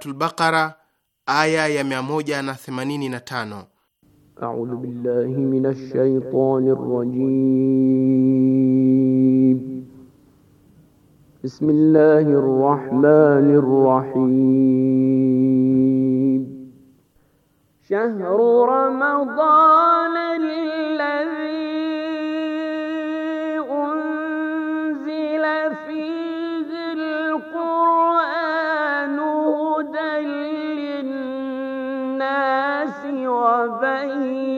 Suratul Baqara aya ya 185. A'udhu billahi minash Bismillahir rahmanir rahim. Shahru بين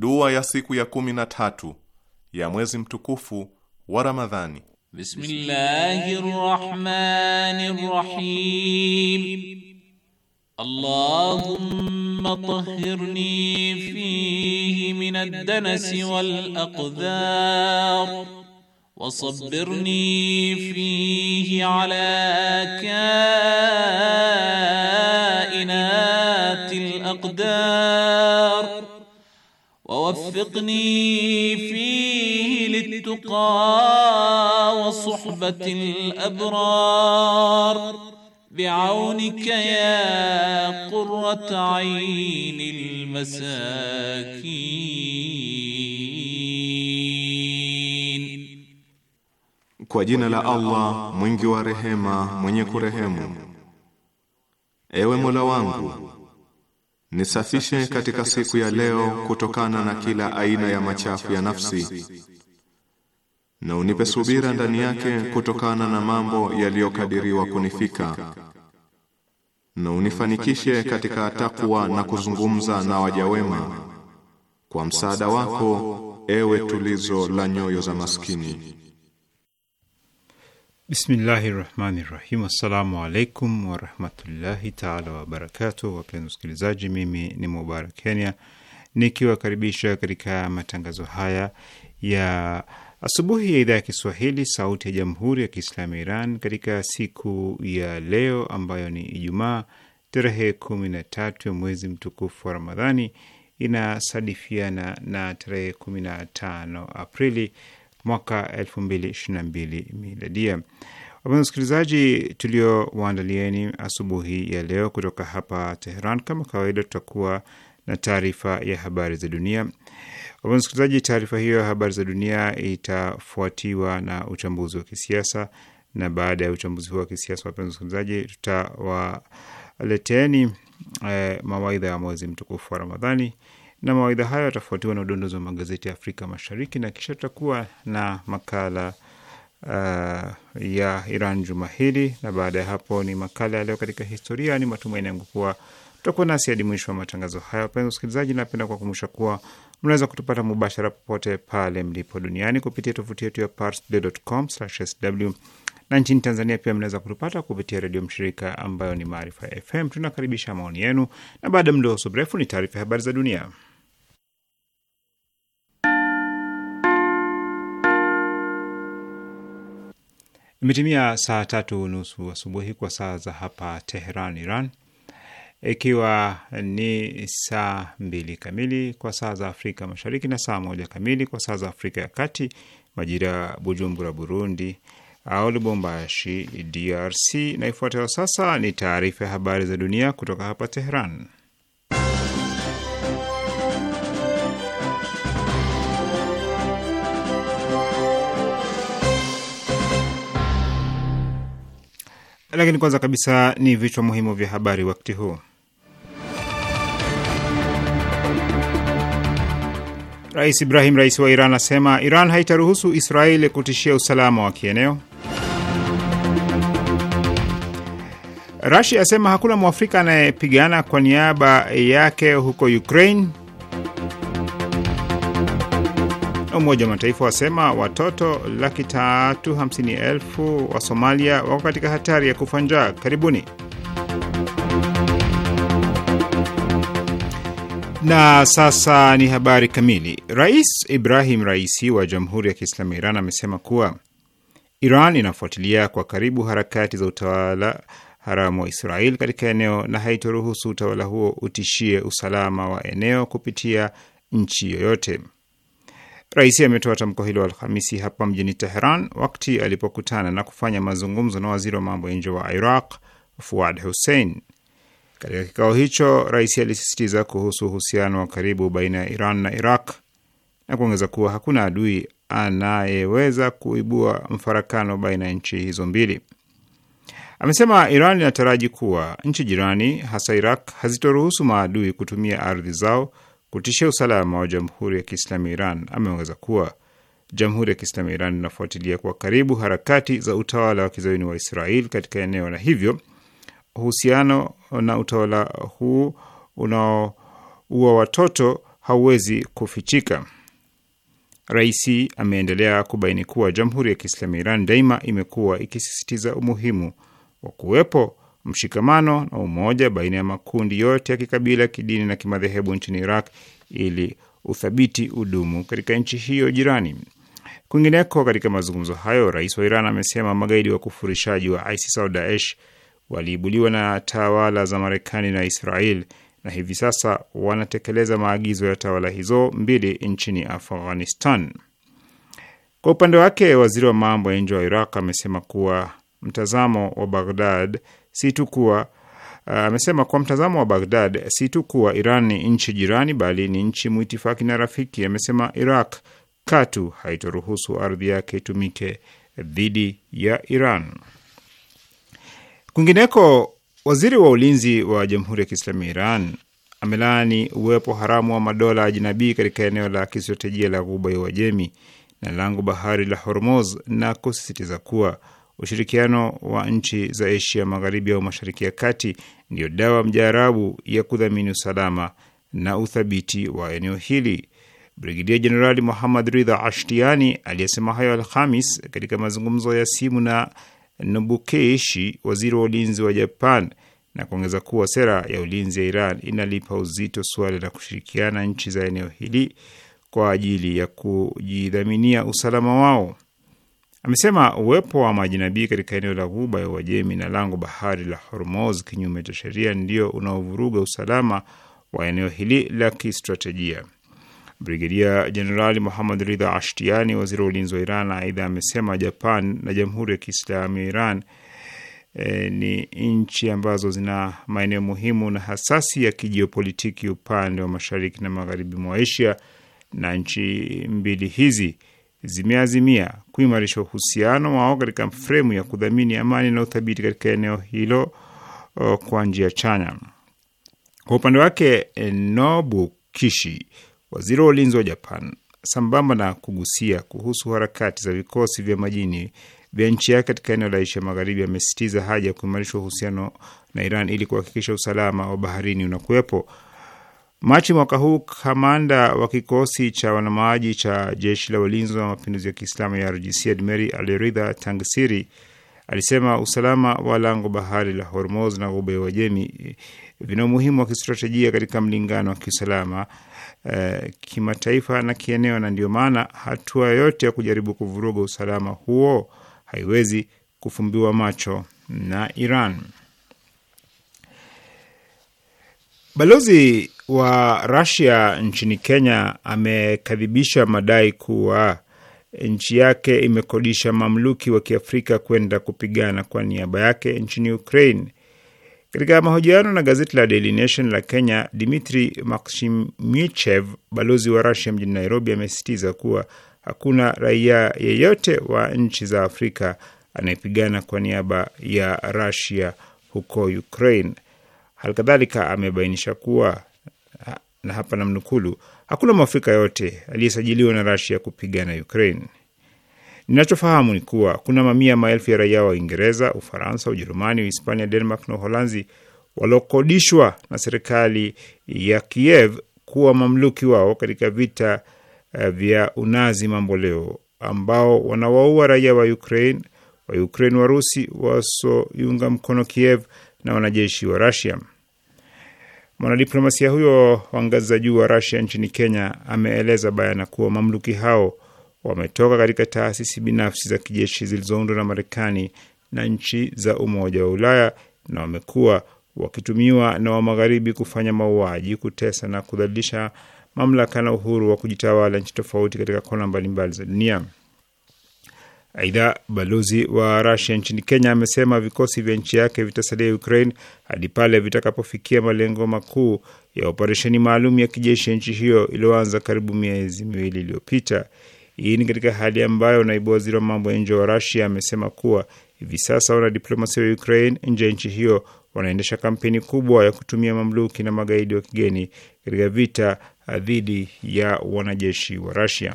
Dua ya siku ya kumi na tatu ya mwezi mtukufu wa Ramadhani. Bismillahirrahmanirrahim. Allahumma tahhirni fihi min ad-danasi wal-aqdhar wasabbirni fihi ala kainatil aqdar ووفقني فيه للتقى وصحبة الأبرار بعونك يا قرة عين المساكين Kwa jina la Allah mwingi wa rehema mwenye kurehemu, ewe Mola wangu Nisafishe katika siku ya leo kutokana na kila aina ya machafu ya nafsi, na unipe subira ndani yake kutokana na mambo yaliyokadiriwa kunifika, na unifanikishe katika takwa na kuzungumza na waja wema, kwa msaada wako, ewe tulizo la nyoyo za maskini. Bismillahi rahmani rahim. Assalamu alaikum warahmatullahi taala wabarakatuh. Wapenzi wasikilizaji, mimi ni Mubarak Kenya nikiwakaribisha katika matangazo haya ya asubuhi ya idhaa ya Kiswahili sauti ya jamhuri ya Kiislamu ya Iran katika siku ya leo ambayo ni Ijumaa tarehe kumi na tatu ya mwezi mtukufu wa Ramadhani inasadifiana na tarehe kumi na tano Aprili mwaka elfu miladia. Wapenzi wasikilizaji, tuliowaandalieni asubuhi ya leo kutoka hapa Teheran, kama kawaida, tutakuwa na taarifa ya habari za dunia. Wapenzi wasikilizaji, taarifa hiyo ya habari za dunia itafuatiwa na uchambuzi wa kisiasa, na baada ya uchambuzi huo wa kisiasa, wapenzi wasikilizaji, tutawaleteni eh, mawaidha ya mwezi mtukufu wa Ramadhani na mawaidha hayo yatafuatiwa na udondozi wa magazeti ya Afrika Mashariki na kisha tutakuwa na makala uh, ya Iran juma hili, na baada ya hapo ni makala ya leo katika historia. Ni matumaini yangu kuwa tutakuwa nasi hadi mwisho wa matangazo haya. Wapenzi wasikilizaji, napenda kuwakumbusha kuwa mnaweza kutupata mubashara popote pale mlipo duniani kupitia tovuti yetu ya parstoday.com/sw na nchini Tanzania pia mnaweza kutupata kupitia redio mshirika ambayo ni Maarifa FM. Tunakaribisha maoni yenu, na baada ya mdoso mrefu ni taarifa ya habari za dunia. Imetimia saa tatu nusu asubuhi kwa saa za hapa Teheran, Iran, ikiwa ni saa mbili kamili kwa saa za Afrika Mashariki na saa moja kamili kwa saa za Afrika ya Kati, majira ya Bujumbura, Burundi, au Lubumbashi, DRC. Na ifuatayo sasa ni taarifa ya habari za dunia kutoka hapa Teheran. lakini kwanza kabisa ni vichwa muhimu vya habari wakati huu. Rais Ibrahim rais wa Iran asema Iran haitaruhusu Israeli kutishia usalama wa kieneo. Rasia asema hakuna mwafrika anayepigana kwa niaba yake huko Ukraine. Umoja wa Mataifa wasema watoto laki tatu hamsini elfu wa Somalia wako katika hatari ya kufa njaa karibuni. Na sasa ni habari kamili. Rais Ibrahim Raisi wa Jamhuri ya Kiislamu ya Iran amesema kuwa Iran inafuatilia kwa karibu harakati za utawala haramu wa Israel katika eneo na haitoruhusu utawala huo utishie usalama wa eneo kupitia nchi yoyote. Raisi ametoa tamko hilo Alhamisi hapa mjini Teheran wakati alipokutana na kufanya mazungumzo na waziri wa mambo ya nje wa Iraq Fuad Hussein. Katika kikao hicho, rais alisisitiza kuhusu uhusiano wa karibu baina ya Iran na Iraq na kuongeza kuwa hakuna adui anayeweza kuibua mfarakano baina ya nchi hizo mbili. Amesema Iran inataraji kuwa nchi jirani hasa Iraq hazitoruhusu maadui kutumia ardhi zao kutishia usalama wa Jamhuri ya Kiislamu Iran. Ameongeza kuwa Jamhuri ya Kiislamu Iran inafuatilia kwa karibu harakati za utawala wa kizayuni wa Israel katika eneo, na hivyo uhusiano na utawala huu unaoua watoto hauwezi kufichika. Raisi ameendelea kubaini kuwa Jamhuri ya Kiislamu Iran daima imekuwa ikisisitiza umuhimu wa kuwepo mshikamano na umoja baina ya makundi yote ya kikabila, kidini na kimadhehebu nchini Iraq ili uthabiti udumu katika nchi hiyo jirani. Kwingineko, katika mazungumzo hayo, rais wa Iran amesema magaidi wa kufurishaji wa ISIS au Daesh waliibuliwa na tawala za Marekani na Israel na hivi sasa wanatekeleza maagizo ya tawala hizo mbili nchini Afghanistan. Kwa upande wake, waziri wa mambo ya nje wa Iraq amesema kuwa mtazamo wa Baghdad si tu kuwa uh, amesema uh, kwa mtazamo wa Baghdad si tu kuwa Iran ni nchi jirani, bali ni nchi mwitifaki na rafiki. Amesema Iraq katu haitoruhusu ardhi yake itumike dhidi ya Iran. Kwingineko, waziri wa ulinzi wa Jamhuri ya Kiislamu ya Iran amelaani uwepo haramu wa madola ajinabii katika eneo la kistratejia la Ghuba ya Uajemi na lango bahari la Hormuz na kusisitiza kuwa ushirikiano wa nchi za Asia Magharibi au Mashariki ya Kati ndiyo dawa mjarabu ya kudhamini usalama na uthabiti wa eneo hili. Brigedia Jenerali Muhammad Ridha Ashtiani aliyesema hayo Alhamis katika mazungumzo ya simu na Nobukeishi, waziri wa ulinzi wa Japan, na kuongeza kuwa sera ya ulinzi ya Iran inalipa uzito suala la kushirikiana nchi za eneo hili kwa ajili ya kujidhaminia usalama wao. Amesema uwepo wa majinabii katika eneo la Ghuba ya Uajemi na lango bahari la hormoz kinyume cha sheria ndio unaovuruga usalama wa eneo hili la kistratejia. Brigedia Jenerali Muhammad Ridha Ashtiani, waziri wa ulinzi wa Iran, aidha amesema Japan na Jamhuri ya Kiislamu ya Iran e, ni nchi ambazo zina maeneo muhimu na hasasi ya kijiopolitiki upande wa mashariki na magharibi mwa Asia, na nchi mbili hizi zimeazimia kuimarisha uhusiano wao katika fremu ya kudhamini amani na uthabiti katika eneo hilo kwa njia chanya. Kwa upande wake, Nobu Kishi, waziri wa ulinzi wa Japan, sambamba na kugusia kuhusu harakati za vikosi vya majini vya nchi yake katika eneo la Asia Magharibi, amesisitiza haja ya kuimarisha uhusiano na Iran ili kuhakikisha usalama wa baharini unakuwepo. Machi mwaka huu kamanda wa kikosi cha wanamaji cha jeshi la walinzi wa mapinduzi ya Kiislamu ya e RGC Admeri Aliridha Tangsiri alisema usalama wa lango bahari la Hormuz na ghuba ya Uajemi vina umuhimu wa kistratejia katika mlingano wa kiusalama e, kimataifa na kieneo, na ndiyo maana hatua yote ya kujaribu kuvuruga usalama huo haiwezi kufumbiwa macho na Iran. Balozi wa Rasia nchini Kenya amekadhibisha madai kuwa nchi yake imekodisha mamluki wa kiafrika kwenda kupigana kwa niaba yake nchini Ukraine. Katika mahojiano na gazeti la Daily Nation la Kenya, Dmitri maksimichev balozi wa Rasia mjini Nairobi, amesisitiza kuwa hakuna raia yeyote wa nchi za Afrika anayepigana kwa niaba ya Rasia huko Ukraine. Halikadhalika amebainisha kuwa na hapa namnukulu, hakuna mwafrika yote aliyesajiliwa na Rasia kupigana Ukraine. Ninachofahamu ni kuwa kuna mamia maelfu ya raia wa Uingereza, Ufaransa, Ujerumani, Uhispania, Denmark na Uholanzi waliokodishwa na serikali ya Kiev kuwa mamluki wao katika vita eh, vya unazi mamboleo, ambao wanawaua raia wa Ukraine, wa Ukraine, Warusi wasoiunga mkono Kiev na wanajeshi wa Rasia. Mwanadiplomasia huyo wa ngazi za juu wa Rasia nchini Kenya ameeleza bayana kuwa mamluki hao wametoka katika taasisi binafsi za kijeshi zilizoundwa na Marekani na nchi za Umoja wa Ulaya na wamekuwa wakitumiwa na wa Magharibi kufanya mauaji, kutesa na kudhalilisha mamlaka na uhuru wa kujitawala nchi tofauti katika kona mbalimbali za dunia. Aidha, balozi wa rasia nchini Kenya amesema vikosi vya nchi yake vitasalia Ukraine hadi pale vitakapofikia malengo makuu ya operesheni maalum ya kijeshi ya nchi hiyo iliyoanza karibu miezi miwili iliyopita. Hii ni katika hali ambayo naibu waziri wa mambo ya nje wa rasia amesema kuwa hivi sasa wanadiplomasia wa Ukraine nje ya nchi hiyo wanaendesha kampeni kubwa ya kutumia mamluki na magaidi wa kigeni katika vita dhidi ya wanajeshi wa rasia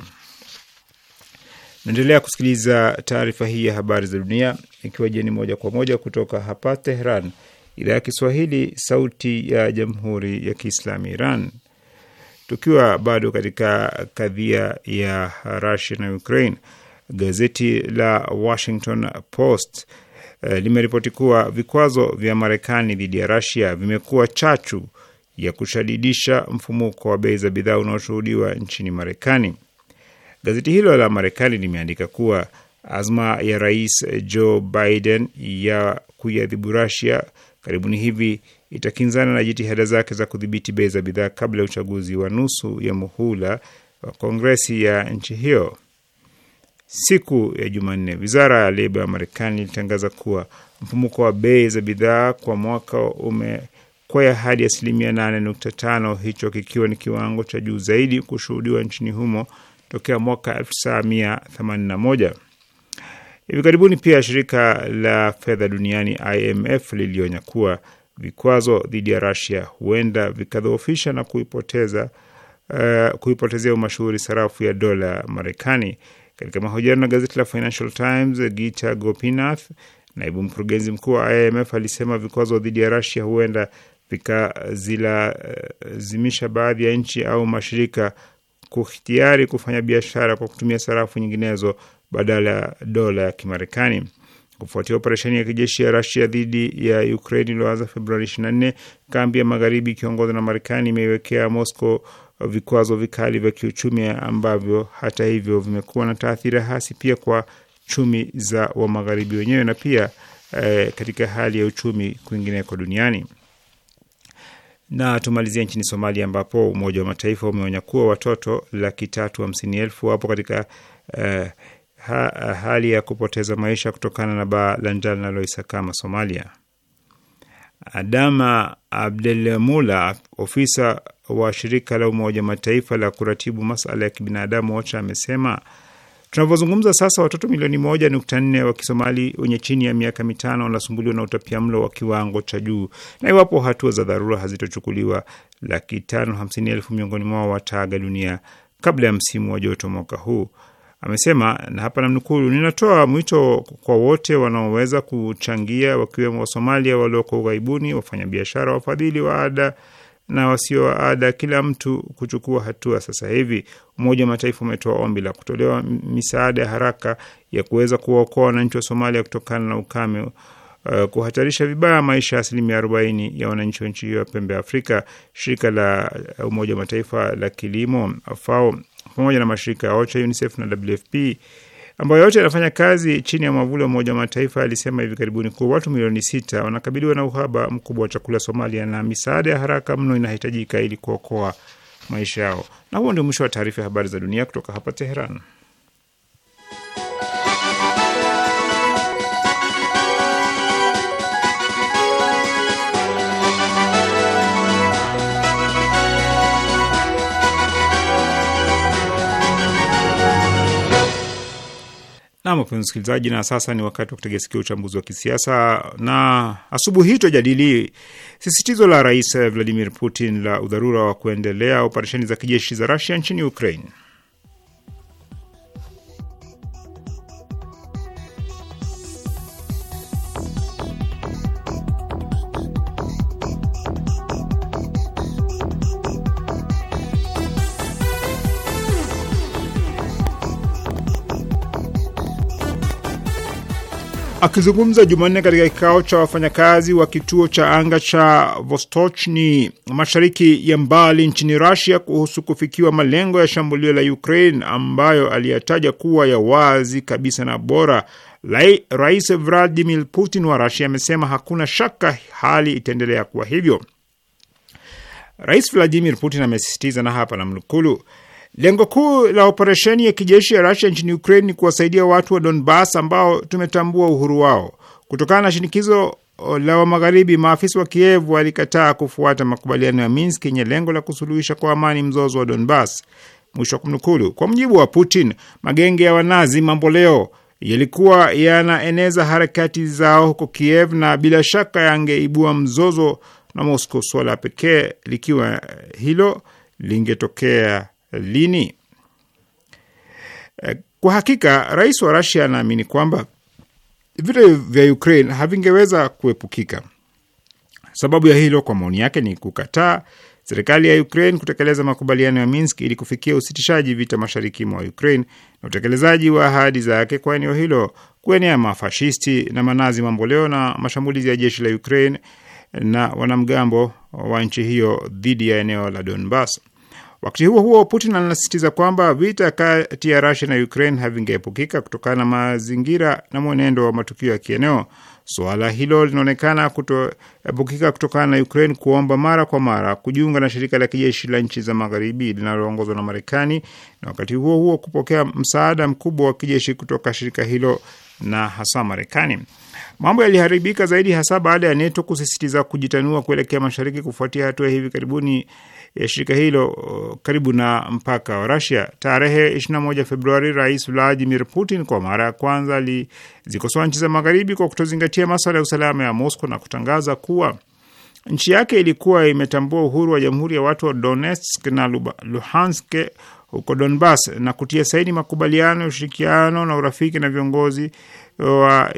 Naendelea kusikiliza taarifa hii ya habari za dunia ikiwa jeni moja kwa moja kutoka hapa Tehran, idhaa ya Kiswahili, sauti ya jamhuri ya kiislamu Iran. Tukiwa bado katika kadhia ya Rusia na Ukraine, gazeti la Washington Post eh, limeripoti kuwa vikwazo vya Marekani dhidi ya Rusia vimekuwa chachu ya kushadidisha mfumuko wa bei za bidhaa unaoshuhudiwa nchini Marekani. Gazeti hilo la Marekani limeandika kuwa azma ya Rais Joe Biden ya kuiadhibu Rusia karibuni hivi itakinzana na jitihada zake za kudhibiti bei za bidhaa kabla ya uchaguzi wa nusu ya muhula wa Kongresi ya nchi hiyo. Siku ya Jumanne, wizara ya leba ya Marekani ilitangaza kuwa mfumuko wa bei za bidhaa kwa mwaka umekwea hadi asilimia 8.5, hicho kikiwa ni kiwango cha juu zaidi kushuhudiwa nchini humo tokea mwaka 1981. Hivi karibuni pia shirika la fedha duniani IMF lilionya kuwa vikwazo dhidi ya Russia huenda vikadhoofisha na kuipoteza uh, kuipotezea umashuhuri sarafu ya dola Marekani. Katika mahojiano na gazeti la Financial Times, Gita Gopinath, naibu mkurugenzi mkuu wa IMF, alisema vikwazo dhidi ya Russia huenda vikazilazimisha baadhi ya nchi au mashirika kuhitiari kufanya biashara kwa kutumia sarafu nyinginezo badala ya dola ya Kimarekani. Kufuatia operesheni ya kijeshi ya Rasia dhidi ya Ukraine iliyoanza Februari 24, kambi ya magharibi ikiongozwa na Marekani imeiwekea Moscow vikwazo vikali vya kiuchumi ambavyo hata hivyo vimekuwa na taathira hasi pia kwa chumi za wa magharibi wenyewe na pia eh, katika hali ya uchumi kwingineko duniani. Na tumalizia nchini Somalia ambapo Umoja wa Mataifa umeonya kuwa watoto laki tatu hamsini elfu wapo katika uh, ha, hali ya kupoteza maisha kutokana na baa la njaa linaloisakama Somalia. Adama Abdelmula, ofisa wa shirika la Umoja wa Mataifa la kuratibu masala ya kibinadamu wote, amesema Tunavyozungumza sasa, watoto milioni moja nukta nne wa Kisomali wenye chini ya miaka mitano wanasumbuliwa na utapia mlo wa kiwango cha juu, na iwapo hatua za dharura hazitochukuliwa, laki tano hamsini elfu miongoni mwao wataaga dunia kabla ya msimu wa joto mwaka huu, amesema, na hapa namnukuu: ninatoa mwito kwa wote wanaoweza kuchangia, wakiwemo Wasomalia walioko ughaibuni, wafanyabiashara, wafadhili wa ada na wasio wa ada, kila mtu kuchukua hatua sasa hivi. Umoja wa Mataifa umetoa ombi la kutolewa misaada ya haraka ya kuweza kuwaokoa wananchi wa Somalia kutokana na ukame uh, kuhatarisha vibaya maisha ya asilimia arobaini ya wananchi wa nchi hiyo ya pembe ya Afrika. Shirika la uh, Umoja wa Mataifa la kilimo FAO pamoja na mashirika ya OCHA, UNICEF na WFP ambayo yote yanafanya kazi chini ya mwavuli wa Umoja wa Mataifa alisema hivi karibuni kuwa watu milioni sita wanakabiliwa na uhaba mkubwa wa chakula Somalia, na misaada ya haraka mno inahitajika ili kuokoa maisha yao. Na huo ndio mwisho wa taarifa ya habari za dunia kutoka hapa Teheran. Nam wapenzi msikilizaji, na sasa ni wakati wa kutega sikio uchambuzi wa kisiasa, na asubuhi hii tutajadili sisitizo la Rais Vladimir Putin la udharura wa kuendelea operesheni za kijeshi za Rusia nchini Ukraine. Akizungumza Jumanne katika kikao cha wafanyakazi wa kituo cha anga cha Vostochni mashariki ya mbali nchini Rusia kuhusu kufikiwa malengo ya shambulio la Ukraine ambayo aliyataja kuwa ya wazi kabisa na bora, Rais Vladimir Putin wa Rusia amesema hakuna shaka hali itaendelea kuwa hivyo. Rais Vladimir Putin amesisitiza, na hapa namnukuu: Lengo kuu la operesheni ya kijeshi ya Rusia nchini Ukraine ni kuwasaidia watu wa Donbas ambao tumetambua uhuru wao. Kutokana na shinikizo la wa Magharibi, maafisa wa Kiev walikataa kufuata makubaliano ya Minsk yenye lengo la kusuluhisha kwa amani mzozo wa Donbas. Mwisho wa kumnukulu. Kwa mujibu wa Putin, magenge ya wanazi mamboleo yalikuwa yanaeneza harakati zao huko Kiev na bila shaka yangeibua mzozo na Moscow, swala pekee likiwa hilo lingetokea lini? Eh, kwa hakika rais wa Rasia anaamini kwamba vita vya Ukraine havingeweza kuepukika. Sababu ya hilo kwa maoni yake ni kukataa serikali ya Ukraine kutekeleza makubaliano ya Minsk ili kufikia usitishaji vita mashariki mwa Ukraine na utekelezaji wa ahadi zake kwa eneo hilo, kuenea mafashisti na manazi mamboleo na mashambulizi ya jeshi la Ukraine na wanamgambo wa nchi hiyo dhidi ya eneo la Donbas. Wakati huo huo, Putin anasisitiza kwamba vita kati ya Rusia na Ukraine havingeepukika kutokana na mazingira na mwenendo wa matukio ya kieneo. Suala hilo linaonekana kutoepukika kutokana na Ukraine kuomba mara kwa mara kujiunga na shirika la kijeshi la nchi za magharibi linaloongozwa na Marekani, na wakati huo huo kupokea msaada mkubwa wa kijeshi kutoka shirika hilo na hasa Marekani. Mambo yaliharibika zaidi hasa baada ya NATO kusisitiza kujitanua kuelekea mashariki kufuatia hatua hivi karibuni ya shirika hilo uh, karibu na mpaka wa Rasia. Tarehe 21 Februari, Rais Vladimir Putin kwa mara ya kwanza alizikosoa nchi za magharibi kwa kutozingatia maswala ya usalama ya Moscow na kutangaza kuwa nchi yake ilikuwa imetambua uhuru wa Jamhuri ya Watu wa Donetsk na Luhansk huko Donbas na kutia saini makubaliano ya ushirikiano na urafiki na viongozi wa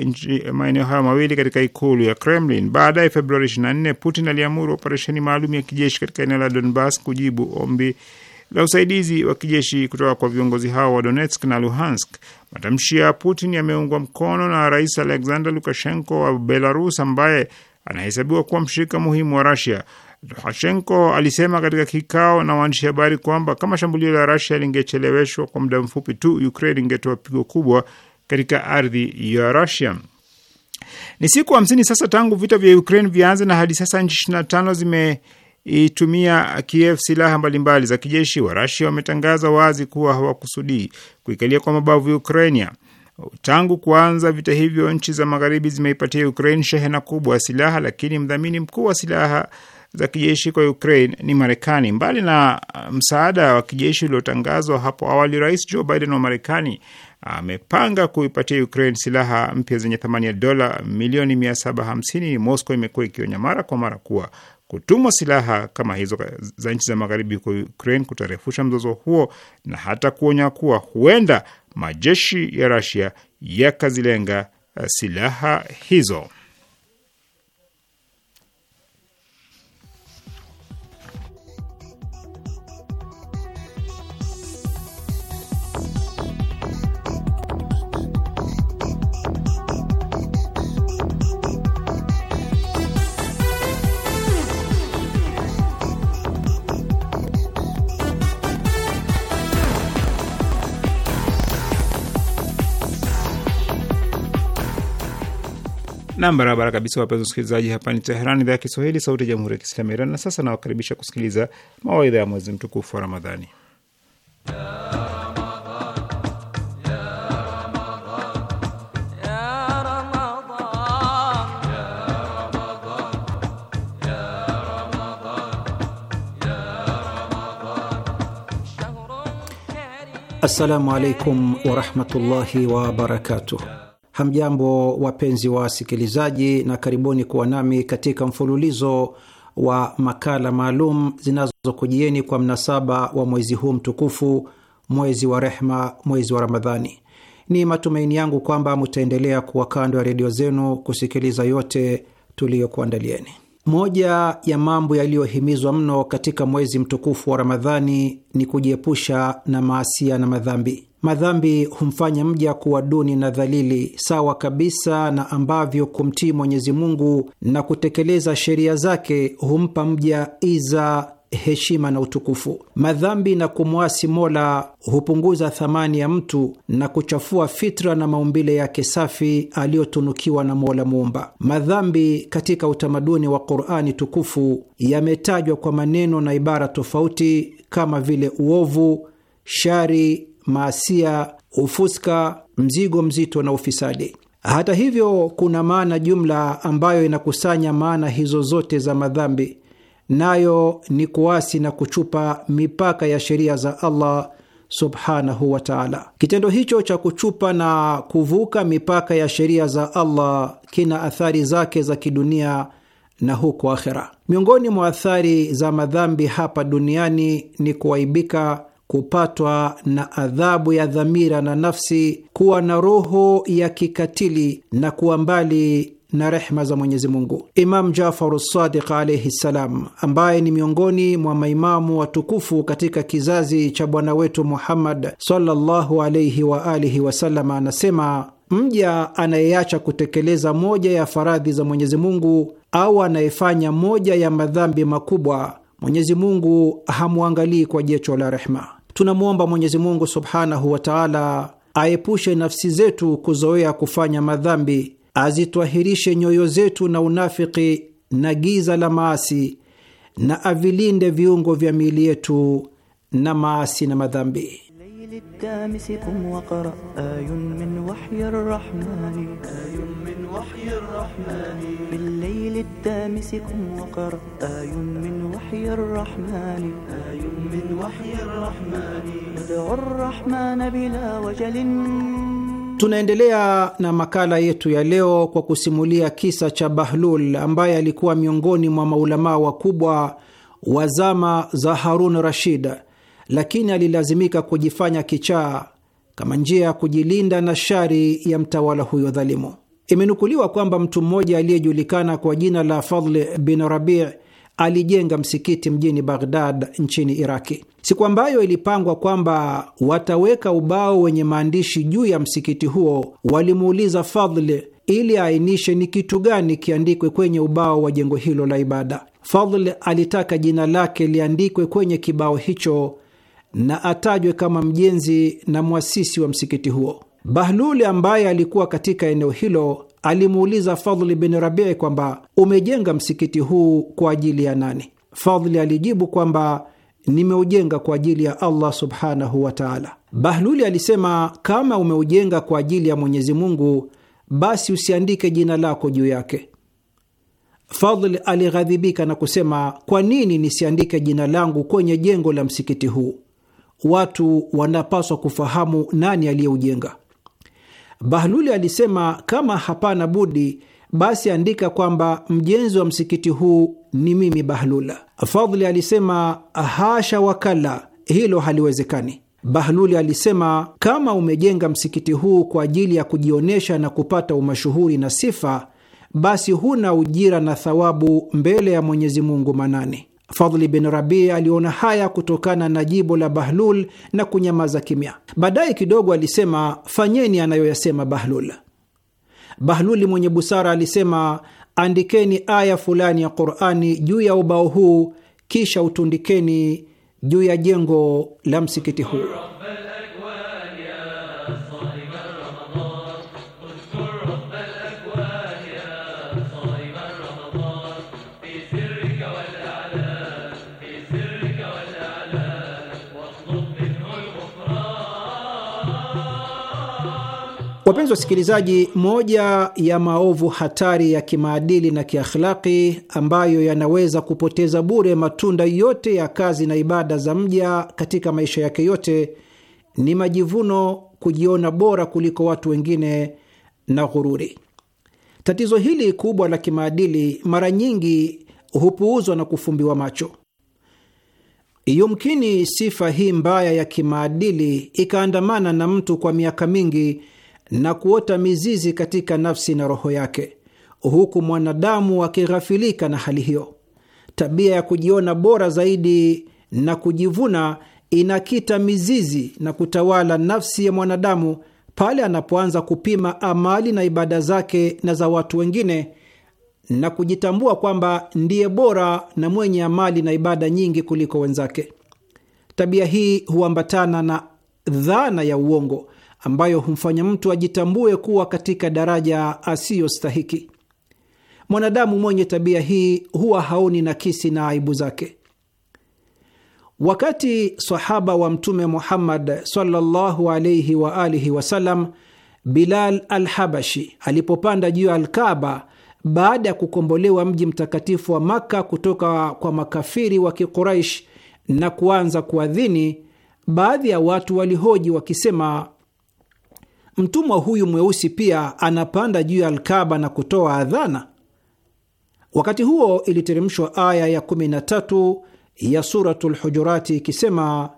maeneo hayo mawili katika ikulu ya Kremlin. Baadaye Februari 24, Putin aliamuru operesheni maalum ya kijeshi katika eneo la Donbas kujibu ombi la usaidizi wa kijeshi kutoka kwa viongozi hao wa Donetsk na Luhansk. Matamshi ya Putin yameungwa mkono na Rais Alexander Lukashenko wa Belarus ambaye anahesabiwa kuwa mshirika muhimu wa Russia. Hashenko alisema katika kikao na waandishi habari kwamba kama shambulio la Russia lingecheleweshwa kwa muda mfupi tu, Ukraine ingetoa pigo kubwa katika ardhi ya Russia. Ni siku hamsini sasa tangu vita vya Ukraine vianze, na hadi sasa nchi 25 zimeitumia Kiev silaha mbalimbali za kijeshi. Warasia wametangaza wazi kuwa hawakusudii kuikalia kwa mabavu Ukrainia. Tangu kuanza vita hivyo, nchi za magharibi zimeipatia Ukraine shehena kubwa ya silaha, lakini mdhamini mkuu wa silaha za kijeshi kwa Ukraine ni Marekani. Mbali na uh, msaada wa kijeshi uliotangazwa hapo awali, Rais Joe Biden wa Marekani amepanga kuipatia Ukraine silaha mpya zenye thamani ya dola milioni 750. Moscow imekuwa ikionya mara kwa mara kuwa kutumwa silaha kama hizo za nchi za magharibi huko Ukraine kutarefusha mzozo huo na hata kuonya kuwa huenda majeshi ya Russia yakazilenga uh, silaha hizo. Nam, barabara kabisa, wapenzi wasikilizaji, hapa ni Teheran, idhaa ya Kiswahili, sauti ya jamhuri ya kiislamu Iran. Na sasa nawakaribisha kusikiliza mawaidha ya mwezi mtukufu wa Ramadhani. Assalamu alaikum warahmatullahi wabarakatuh. Hamjambo, wapenzi wa wasikilizaji, na karibuni kuwa nami katika mfululizo wa makala maalum zinazokujieni kwa mnasaba wa mwezi huu mtukufu, mwezi wa rehma, mwezi wa Ramadhani. Ni matumaini yangu kwamba mtaendelea kuwa kando ya redio zenu kusikiliza yote tuliyokuandalieni. Moja ya mambo yaliyohimizwa mno katika mwezi mtukufu wa Ramadhani ni kujiepusha na maasia na madhambi. Madhambi humfanya mja kuwa duni na dhalili, sawa kabisa na ambavyo kumtii Mwenyezi Mungu na kutekeleza sheria zake humpa mja iza heshima na utukufu. Madhambi na kumwasi Mola hupunguza thamani ya mtu na kuchafua fitra na maumbile yake safi aliyotunukiwa na Mola Muumba. Madhambi katika utamaduni wa Qur'ani tukufu yametajwa kwa maneno na ibara tofauti kama vile uovu, shari maasia, ufuska, mzigo mzito na ufisadi. Hata hivyo, kuna maana jumla ambayo inakusanya maana hizo zote za madhambi, nayo ni kuasi na kuchupa mipaka ya sheria za Allah subhanahu wa taala. Kitendo hicho cha kuchupa na kuvuka mipaka ya sheria za Allah kina athari zake za kidunia na huko akhera. Miongoni mwa athari za madhambi hapa duniani ni kuaibika kupatwa na adhabu ya dhamira na nafsi, kuwa na roho ya kikatili na kuwa mbali na rehma za Mwenyezi Mungu. Imam Jafaru Sadiq alaihi ssalam, ambaye ni miongoni mwa maimamu watukufu katika kizazi cha bwana wetu Muhammad sallallahu alaihi wa alihi wasallam, anasema mja anayeacha kutekeleza moja ya faradhi za Mwenyezi Mungu au anayefanya moja ya madhambi makubwa Mwenyezi Mungu hamwangalii kwa jecho la rehma Tunamwomba Mwenyezi Mungu subhanahu wa taala aepushe nafsi zetu kuzoea kufanya madhambi, azitwahirishe nyoyo zetu na unafiki na giza la maasi, na avilinde viungo vya miili yetu na maasi na madhambi. وقرأ آي من وحي الرحمن آي من وحي الرحمن بالليل وقرأ آي من وحي الرحمن آي من وحي الرحمن الرحمن بلا وجل Tunaendelea na makala yetu ya leo kwa kusimulia kisa cha Bahlul ambaye alikuwa miongoni mwa maulamaa wakubwa wa zama za Harun Rashid lakini alilazimika kujifanya kichaa kama njia ya kujilinda na shari ya mtawala huyo dhalimu. Imenukuliwa kwamba mtu mmoja aliyejulikana kwa jina la fadl bin Rabi alijenga msikiti mjini Baghdad nchini Iraki. Siku ambayo ilipangwa kwamba wataweka ubao wenye maandishi juu ya msikiti huo, walimuuliza fadl ili aainishe ni kitu gani kiandikwe kwenye ubao wa jengo hilo la ibada. Fadl alitaka jina lake liandikwe kwenye kibao hicho na atajwe kama mjenzi na mwasisi wa msikiti huo. Bahluli ambaye alikuwa katika eneo hilo alimuuliza Fadhli bin Rabii kwamba umejenga msikiti huu kwa ajili ya nani? Fadhli alijibu kwamba nimeujenga kwa ajili ya Allah subhanahu wa taala. Bahluli alisema, kama umeujenga kwa ajili ya Mwenyezi Mungu, basi usiandike jina lako juu yake. Fadhli alighadhibika na kusema, kwa nini nisiandike jina langu kwenye jengo la msikiti huu? watu wanapaswa kufahamu nani aliyeujenga. Bahluli alisema, kama hapana budi, basi andika kwamba mjenzi wa msikiti huu ni mimi Bahlula. Fadhli alisema, hasha wakala, hilo haliwezekani. Bahluli alisema, kama umejenga msikiti huu kwa ajili ya kujionyesha na kupata umashuhuri na sifa, basi huna ujira na thawabu mbele ya Mwenyezi Mungu manane. Fadhli bin Rabia aliona haya kutokana na jibo la Bahlul na kunyamaza kimya. Baadaye kidogo alisema, fanyeni anayoyasema Bahlul. Bahluli mwenye busara alisema, andikeni aya fulani ya Qurani juu ya ubao huu, kisha utundikeni juu ya jengo la msikiti huu. Wapenzi wasikilizaji, moja ya maovu hatari ya kimaadili na kiakhlaki ambayo yanaweza kupoteza bure matunda yote ya kazi na ibada za mja katika maisha yake yote ni majivuno, kujiona bora kuliko watu wengine na ghururi. Tatizo hili kubwa la kimaadili mara nyingi hupuuzwa na kufumbiwa macho. Yumkini sifa hii mbaya ya kimaadili ikaandamana na mtu kwa miaka mingi na kuota mizizi katika nafsi na roho yake, huku mwanadamu akighafilika na hali hiyo. Tabia ya kujiona bora zaidi na kujivuna inakita mizizi na kutawala nafsi ya mwanadamu pale anapoanza kupima amali na ibada zake na za watu wengine na kujitambua kwamba ndiye bora na mwenye amali na ibada nyingi kuliko wenzake. Tabia hii huambatana na dhana ya uongo ambayo humfanya mtu ajitambue kuwa katika daraja asiyostahiki. Mwanadamu mwenye tabia hii huwa haoni nakisi na aibu zake. Wakati sahaba wa Mtume Muhammad sallallahu alaihi wa alihi wasallam, Bilal Alhabashi alipopanda juu ya Alkaba baada ya kukombolewa mji mtakatifu wa Makka kutoka kwa makafiri wa Kiquraish na kuanza kuadhini, baadhi ya watu walihoji wakisema Mtumwa huyu mweusi pia anapanda juu ya Alkaba na kutoa adhana. Wakati huo iliteremshwa aya ya 13 ya suratu lhujurati ikisema,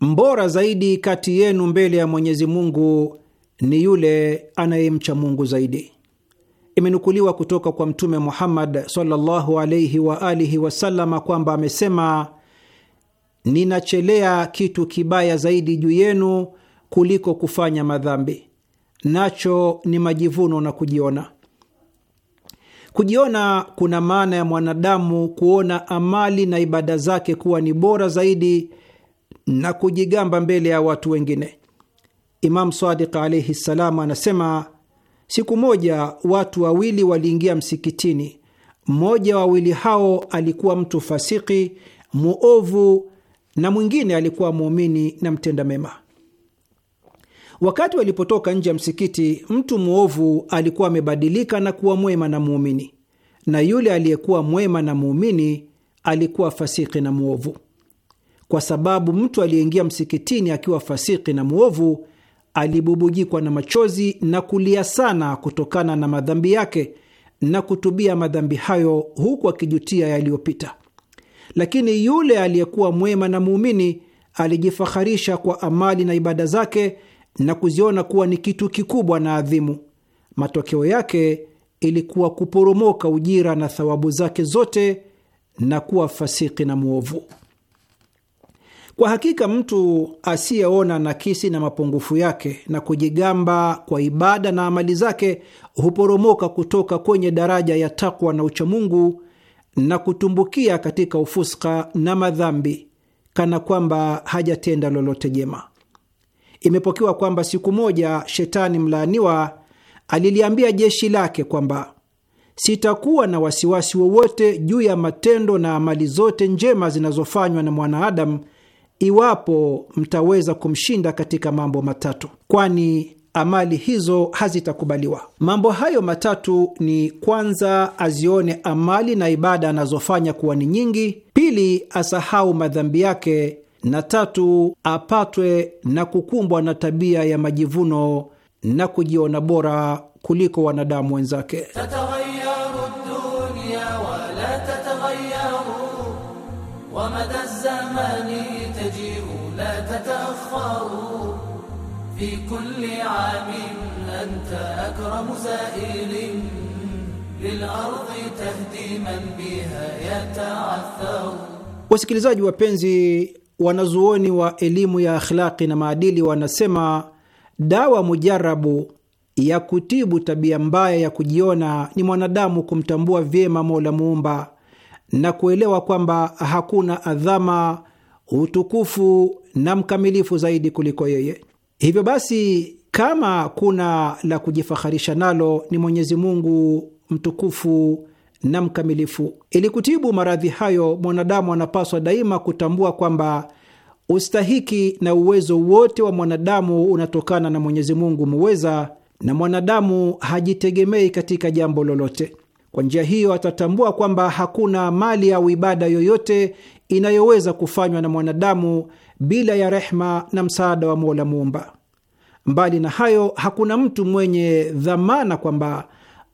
mbora zaidi kati yenu mbele ya Mwenyezi Mungu ni yule anayemcha Mungu zaidi. Imenukuliwa kutoka kwa Mtume Muhammad sallallahu alaihi wa alihi kwamba amesema, ninachelea kitu kibaya zaidi juu yenu kuliko kufanya madhambi, nacho ni majivuno na kujiona. Kujiona kuna maana ya mwanadamu kuona amali na ibada zake kuwa ni bora zaidi na kujigamba mbele ya watu wengine. Imamu Sadiq alaihi ssalam anasema, siku moja watu wawili waliingia msikitini. Mmoja wa wawili hao alikuwa mtu fasiki muovu, na mwingine alikuwa muumini na mtenda mema. Wakati walipotoka nje ya msikiti, mtu mwovu alikuwa amebadilika na kuwa mwema na muumini, na yule aliyekuwa mwema na muumini alikuwa fasiki na mwovu, kwa sababu mtu aliyeingia msikitini akiwa fasiki na mwovu alibubujikwa na machozi na kulia sana kutokana na madhambi yake na kutubia madhambi hayo huku akijutia yaliyopita. Lakini yule aliyekuwa mwema na muumini alijifaharisha kwa amali na ibada zake na kuziona kuwa ni kitu kikubwa na adhimu. Matokeo yake ilikuwa kuporomoka ujira na thawabu zake zote na kuwa fasiki na mwovu. Kwa hakika mtu asiyeona nakisi na mapungufu yake na kujigamba kwa ibada na amali zake huporomoka kutoka kwenye daraja ya takwa na uchamungu na kutumbukia katika ufuska na madhambi, kana kwamba hajatenda lolote jema. Imepokewa kwamba siku moja shetani mlaaniwa aliliambia jeshi lake kwamba sitakuwa na wasiwasi wowote juu ya matendo na amali zote njema zinazofanywa na mwanaadamu iwapo mtaweza kumshinda katika mambo matatu, kwani amali hizo hazitakubaliwa. Mambo hayo matatu ni kwanza, azione amali na ibada anazofanya kuwa ni nyingi; pili, asahau madhambi yake na tatu, apatwe na kukumbwa na tabia ya majivuno na kujiona bora kuliko wanadamu wenzake. Wasikilizaji wapenzi, wanazuoni wa elimu ya akhlaki na maadili wanasema dawa mujarabu ya kutibu tabia mbaya ya kujiona ni mwanadamu kumtambua vyema Mola muumba na kuelewa kwamba hakuna adhama, utukufu na mkamilifu zaidi kuliko yeye. Hivyo basi, kama kuna la kujifaharisha nalo ni Mwenyezi Mungu mtukufu na mkamilifu. Ili kutibu maradhi hayo, mwanadamu anapaswa daima kutambua kwamba ustahiki na uwezo wote wa mwanadamu unatokana na Mwenyezi Mungu muweza, na mwanadamu hajitegemei katika jambo lolote. Kwa njia hiyo, atatambua kwamba hakuna mali au ibada yoyote inayoweza kufanywa na mwanadamu bila ya rehma na msaada wa Mola Muumba. Mbali na hayo, hakuna mtu mwenye dhamana kwamba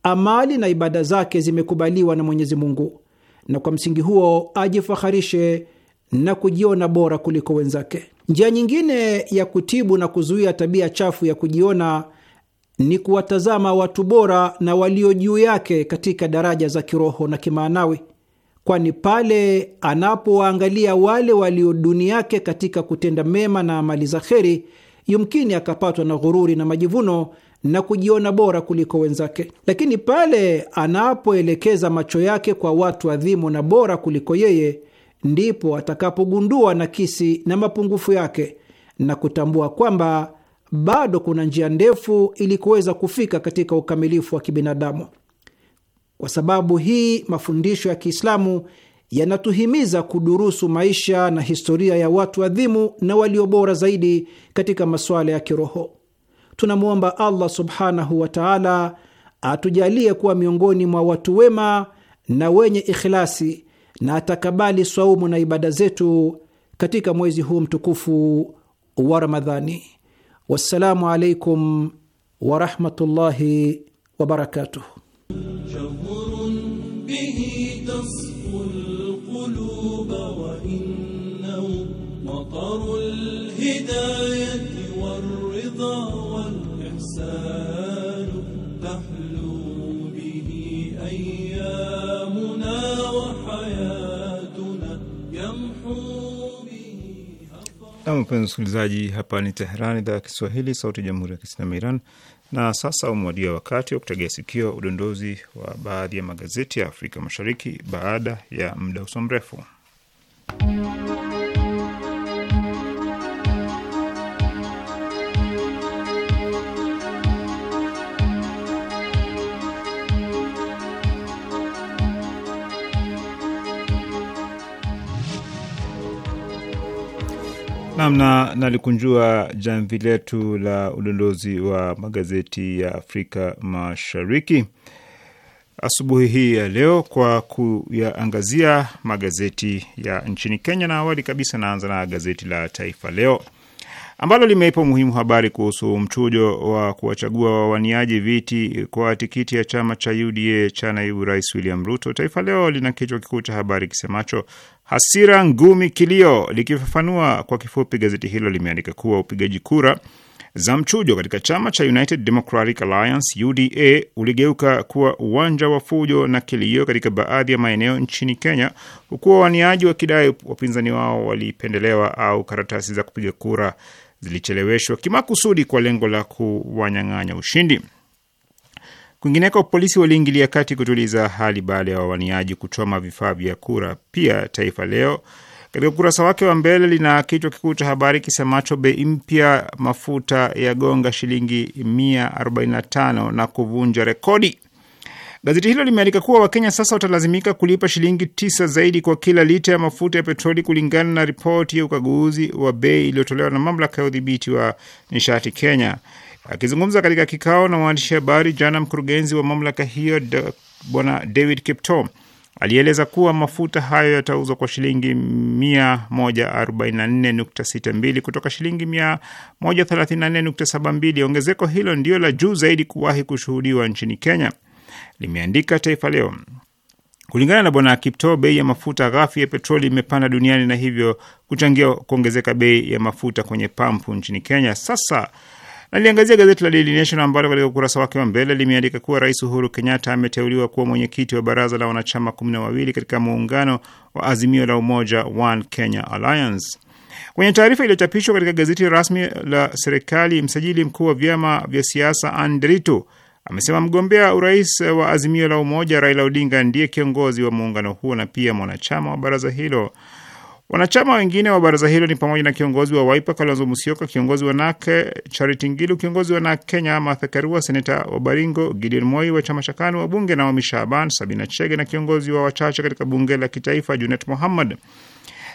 amali na ibada zake zimekubaliwa na Mwenyezi Mungu, na kwa msingi huo ajifaharishe na kujiona bora kuliko wenzake. Njia nyingine ya kutibu na kuzuia tabia chafu ya kujiona ni kuwatazama watu bora na walio juu yake katika daraja za kiroho na kimaanawi, kwani pale anapowaangalia wale walio duni yake katika kutenda mema na amali za kheri, yumkini akapatwa na ghururi na majivuno na kujiona bora kuliko wenzake, lakini pale anapoelekeza macho yake kwa watu adhimu na bora kuliko yeye, ndipo atakapogundua nakisi na mapungufu yake na kutambua kwamba bado kuna njia ndefu ili kuweza kufika katika ukamilifu wa kibinadamu. Kwa sababu hii, mafundisho ya Kiislamu yanatuhimiza kudurusu maisha na historia ya watu adhimu na walio bora zaidi katika masuala ya kiroho tunamwomba Allah subhanahu wa taala atujalie kuwa miongoni mwa watu wema na wenye ikhlasi na atakabali swaumu na ibada zetu katika mwezi huu mtukufu wa Ramadhani. Wassalamu alaikum warahmatullahi wabarakatuh. Nam, mpenzi msikilizaji, hapa ni Teheran, idhaa ya Kiswahili, sauti ya jamhuri ya kiislamu Iran. Na sasa umewadia wakati wa kutegea sikio udondozi wa baadhi ya magazeti ya Afrika Mashariki baada ya muda uso mrefu. namna nalikunjua jamvi letu la udondozi wa magazeti ya Afrika Mashariki asubuhi hii ya leo kwa kuyaangazia magazeti ya nchini Kenya, na awali kabisa naanza na gazeti la Taifa Leo ambalo limeipa umuhimu habari kuhusu mchujo wa kuwachagua wawaniaji viti kwa tikiti ya chama cha UDA cha naibu rais William Ruto. Taifa Leo lina kichwa kikuu cha habari kisemacho hasira, ngumi, kilio. Likifafanua kwa kifupi, gazeti hilo limeandika kuwa upigaji kura za mchujo katika chama cha United Democratic Alliance UDA uligeuka kuwa uwanja wa fujo na kilio katika baadhi ya maeneo nchini Kenya, huku wawaniaji wakidai wapinzani wao walipendelewa au karatasi za kupiga kura zilicheleweshwa kimakusudi kwa lengo la kuwanyang'anya ushindi. Kwingineko, polisi waliingilia kati kutuliza hali baada ya wawaniaji kuchoma vifaa vya kura. Pia Taifa Leo katika ukurasa wake wa mbele lina kichwa kikuu cha habari kisemacho bei mpya mafuta ya gonga shilingi 145 na kuvunja rekodi. Gazeti hilo limeandika kuwa Wakenya sasa watalazimika kulipa shilingi tisa zaidi kwa kila lita ya mafuta ya petroli kulingana na ripoti ya ukaguzi wa bei iliyotolewa na mamlaka ya udhibiti wa nishati Kenya. Akizungumza katika kikao na waandishi habari jana, mkurugenzi wa mamlaka hiyo Bwana David Kipto alieleza kuwa mafuta hayo yatauzwa kwa shilingi 144.62 kutoka shilingi 134.72. Ongezeko hilo ndio la juu zaidi kuwahi kushuhudiwa nchini Kenya limeandika Taifa Leo. Kulingana na Bwana Kipto, bei ya mafuta ghafi ya petroli imepanda duniani na hivyo kuchangia kuongezeka bei ya mafuta kwenye pampu nchini Kenya. Sasa naliangazia gazeti la Daily Nation ambalo katika ukurasa wake wa mbele limeandika kuwa Rais Uhuru Kenyatta ameteuliwa kuwa mwenyekiti wa baraza la wanachama kumi na wawili katika muungano wa Azimio la Umoja One Kenya Alliance. Kwenye taarifa iliyochapishwa katika gazeti rasmi la serikali, msajili mkuu wa vyama vya siasa Andrito Amesema mgombea urais wa Azimio la Umoja Raila Odinga ndiye kiongozi wa muungano huo na pia mwanachama wa baraza hilo. Wanachama wengine wa baraza hilo ni pamoja na kiongozi wa Waipa Kalonzo Musyoka, kiongozi wa NAK Charity Ngilu, kiongozi wa NAK Kenya Martha Karua, seneta wa Baringo Gideon Moi wa chama cha KANU, wabunge Naomi Shaban, Sabina Chege na kiongozi wa wachache katika bunge la kitaifa Junet Mohammed.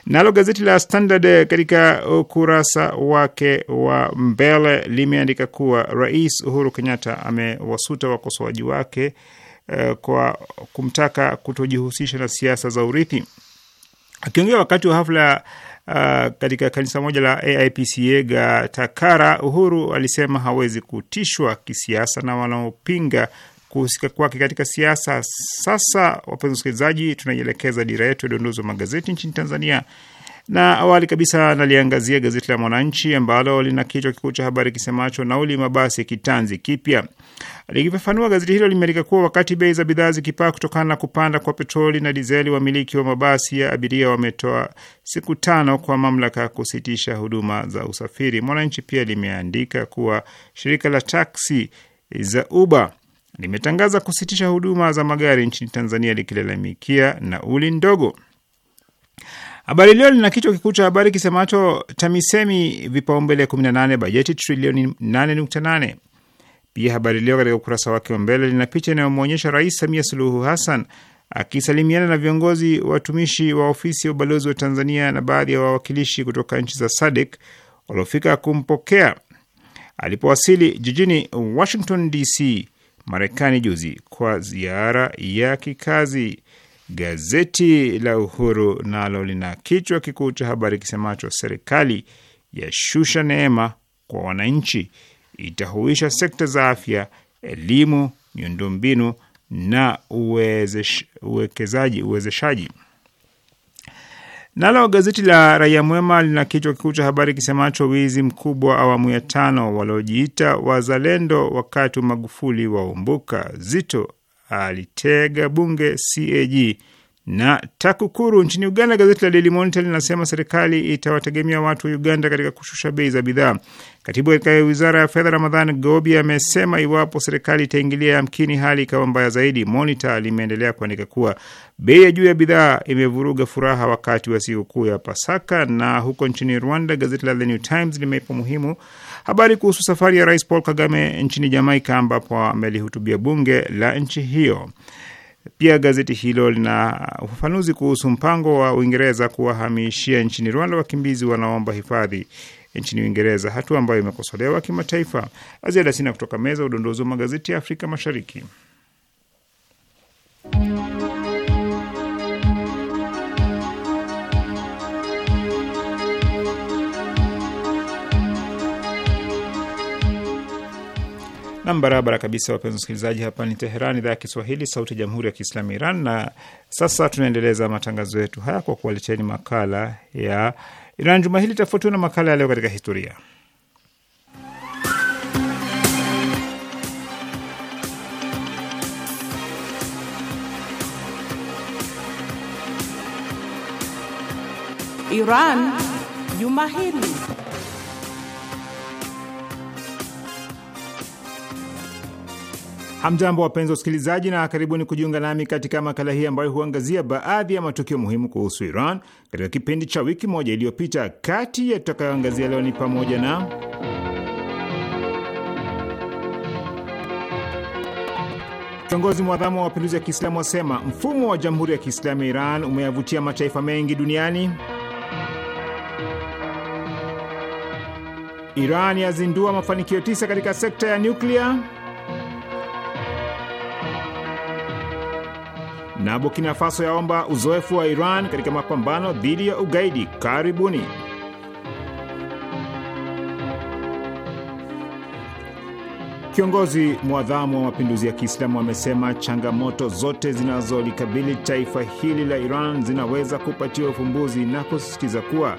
Nalo gazeti la Standard katika ukurasa wake wa mbele limeandika kuwa Rais Uhuru Kenyatta amewasuta wakosoaji wake uh, kwa kumtaka kutojihusisha na siasa za urithi. Akiongea wakati wa hafla uh, katika kanisa moja la AIPCA Gatakara, Uhuru alisema hawezi kutishwa kisiasa na wanaopinga kuhusika kwake katika siasa. Sasa wapenzi wasikilizaji, tunaielekeza dira yetu ya dondozi wa magazeti nchini Tanzania, na awali kabisa naliangazia gazeti la Mwananchi ambalo lina kichwa kikuu cha habari kisemacho nauli mabasi kitanzi kipya. Likifafanua, gazeti hilo limeandika kuwa wakati bei za bidhaa zikipaa kutokana na kupanda kwa petroli na dizeli, wamiliki wa mabasi ya abiria wametoa siku tano kwa mamlaka kusitisha huduma za usafiri. Mwananchi pia limeandika kuwa shirika la taksi za Uber limetangaza kusitisha huduma za magari nchini Tanzania likilalamikia nauli ndogo. Habari Leo lina kichwa kikuu cha habari kisemacho TAMISEMI vipaumbele 18 bajeti trilioni 8.8. Pia Habari Leo katika ukurasa wake wa mbele lina picha inayomwonyesha Rais Samia Suluhu Hassan akisalimiana na viongozi watumishi wa ofisi ya ubalozi wa Tanzania na baadhi ya wa wawakilishi kutoka nchi za SADC waliofika kumpokea alipowasili jijini Washington DC Marekani juzi kwa ziara ya kikazi. Gazeti la Uhuru nalo lina kichwa kikuu cha habari kisemacho serikali yashusha neema kwa wananchi, itahuisha sekta za afya, elimu, miundombinu na uwekezaji uwezeshaji. Nalo gazeti la Raia Mwema lina kichwa kikuu cha habari kisemacho wizi mkubwa awamu ya tano, waliojiita wazalendo wakati wa Magufuli waumbuka. Zito alitega bunge CAG na TAKUKURU nchini Uganda, gazeti la Daily Monitor linasema serikali itawategemea watu wa Uganda katika kushusha bei za bidhaa. Katibu katika wizara ya fedha Ramadhan Gobi amesema iwapo serikali itaingilia, yamkini hali ikawa mbaya zaidi. Monitor limeendelea kuandika kuwa bei ya juu ya bidhaa imevuruga furaha wakati wa sikukuu ya Pasaka. Na huko nchini Rwanda, gazeti la The New Times limeipa muhimu habari kuhusu safari ya Rais Paul Kagame nchini Jamaika, ambapo amelihutubia bunge la nchi hiyo. Pia gazeti hilo lina ufafanuzi kuhusu mpango wa Uingereza kuwahamishia nchini Rwanda wakimbizi wanaomba hifadhi nchini Uingereza, hatua ambayo imekosolewa kimataifa. Aziada sina kutoka meza udondozi wa magazeti ya Afrika Mashariki. Nam, barabara kabisa, wapenzi wasikilizaji, hapa ni Teheran, idhaa ya Kiswahili, sauti ya jamhuri ya kiislamu ya Iran. Na sasa tunaendeleza matangazo yetu haya kwa kuwaleteni makala ya Iran juma hili, tafuatiwa na makala ya leo katika historia. Iran juma hili Hamjambo, wapenzi wasikilizaji, na karibuni kujiunga nami katika makala hii ambayo huangazia baadhi ya matukio muhimu kuhusu Iran katika kipindi cha wiki moja iliyopita. Kati ya tutakayoangazia leo ni pamoja na kiongozi mwadhamu wa mapinduzi ya Kiislamu wasema mfumo wa Jamhuri ya Kiislamu ya Iran umeyavutia mataifa mengi duniani. Iran yazindua mafanikio tisa katika sekta ya nyuklia na Burkina Faso yaomba uzoefu wa Iran katika mapambano dhidi ya ugaidi. Karibuni. Kiongozi mwadhamu wa mapinduzi ya Kiislamu amesema changamoto zote zinazolikabili taifa hili la Iran zinaweza kupatiwa ufumbuzi na kusisitiza kuwa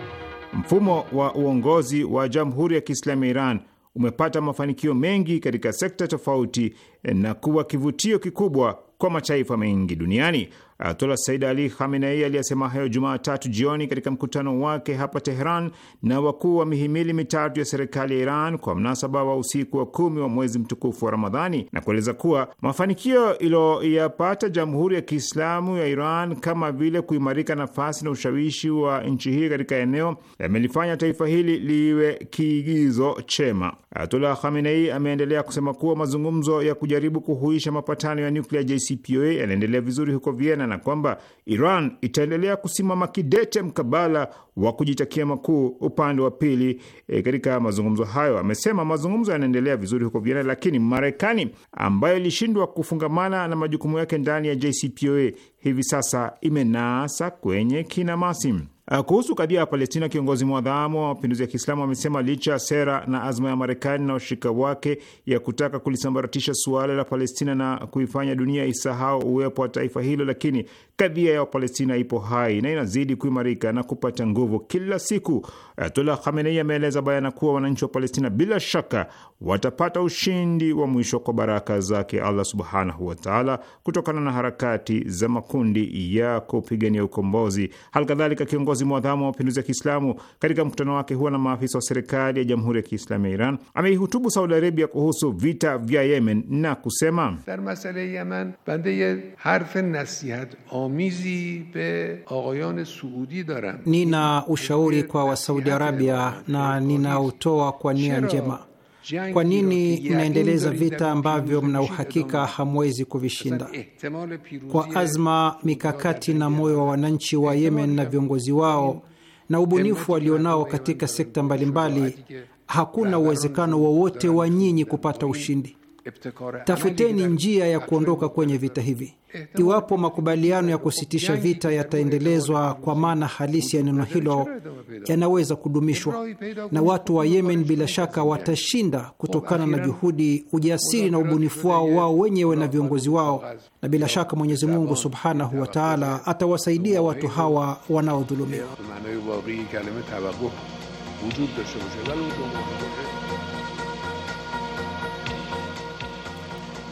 mfumo wa uongozi wa Jamhuri ya Kiislamu ya Iran umepata mafanikio mengi katika sekta tofauti na kuwa kivutio kikubwa kwa mataifa mengi duniani. Ayatollah Said Ali Khamenei aliyesema hayo Jumatatu jioni katika mkutano wake hapa Teheran na wakuu wa mihimili mitatu ya serikali ya Iran kwa mnasaba wa usiku wa kumi wa mwezi mtukufu wa Ramadhani na kueleza kuwa mafanikio iliyoyapata Jamhuri ya Kiislamu ya Iran kama vile kuimarika nafasi na ushawishi wa nchi hii katika eneo yamelifanya taifa hili liwe kiigizo chema. Ayatollah Khamenei ameendelea kusema kuwa mazungumzo ya kujaribu kuhuisha mapatano ya nuklia JCPOA yanaendelea vizuri huko Vienna bayana kwamba Iran itaendelea kusimama kidete mkabala wa kujitakia makuu upande wa pili. E, katika mazungumzo hayo amesema mazungumzo yanaendelea vizuri huko Vienna, lakini Marekani ambayo ilishindwa kufungamana na majukumu yake ndani ya JCPOA hivi sasa imenasa kwenye kinamasi. Uh, kuhusu kadhia ya Palestina, kiongozi mwadhamu wa mapinduzi ya Kiislamu amesema licha ya sera na azma ya Marekani na washirika wake ya kutaka kulisambaratisha suala la Palestina na kuifanya dunia isahau uwepo wa taifa hilo, lakini kadhia ya Wapalestina ipo hai na inazidi kuimarika na kupata nguvu kila siku. Ayatollah Khamenei ameeleza bayana kuwa wananchi wa Palestina bila shaka watapata ushindi wa mwisho kwa baraka zake Allah subhanahu wataala, kutokana na harakati za makundi ya kupigania ukombozi. Halikadhalika kiongozi kiongozi mwadhamu wa mapinduzi ya Kiislamu katika mkutano wake huwa na maafisa wa serikali ya Jamhuri ya Kiislamu ya Iran ameihutubu Saudi Arabia kuhusu vita vya Yemen na kusema, dar masale yaman bande ye harfe nasihat amizi be aghayan suudi daram, nina ushauri kwa Wasaudi Arabia na ninautoa kwa nia njema kwa nini mnaendeleza vita ambavyo mna uhakika hamwezi kuvishinda? Kwa azma, mikakati na moyo wa wananchi wa Yemen na viongozi wao na ubunifu walionao katika sekta mbalimbali, hakuna uwezekano wowote wa, wa nyinyi kupata ushindi. Tafuteni njia ya kuondoka kwenye vita hivi. Iwapo makubaliano ya kusitisha vita yataendelezwa kwa maana halisi ya neno hilo, yanaweza kudumishwa na watu wa Yemen, bila shaka watashinda kutokana na juhudi, ujasiri na ubunifu wao wao wenyewe na viongozi wao, na bila shaka Mwenyezi Mungu subhanahu wa taala atawasaidia watu hawa wanaodhulumiwa.